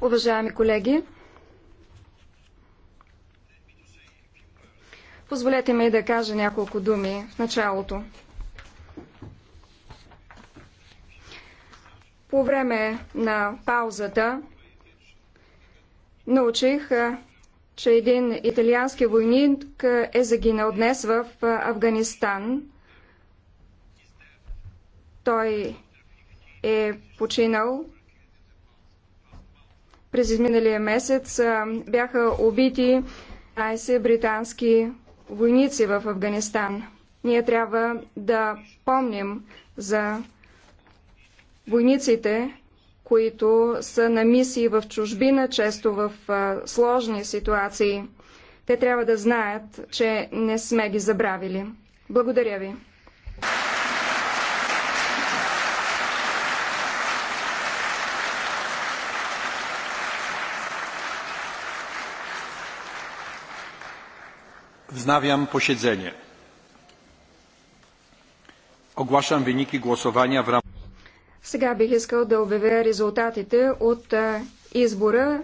Уважаеми колеги, позволете ми да кажа няколко думи в началото. По време на паузата научих, че един италиански войник е загинал днес в Афганистан – той е починал. През изминалия месец бяха убити 12 британски войници в Афганистан. Ние трябва да помним за войниците, които са на мисии в чужбина, често в сложни ситуации. Те трябва да знаят, че не сме ги забравили. Благодаря ви. Wznawiam posiedzenie. Ogłaszam wyniki głosowania w ramach. Сега бих искал да обявя резултатите от избора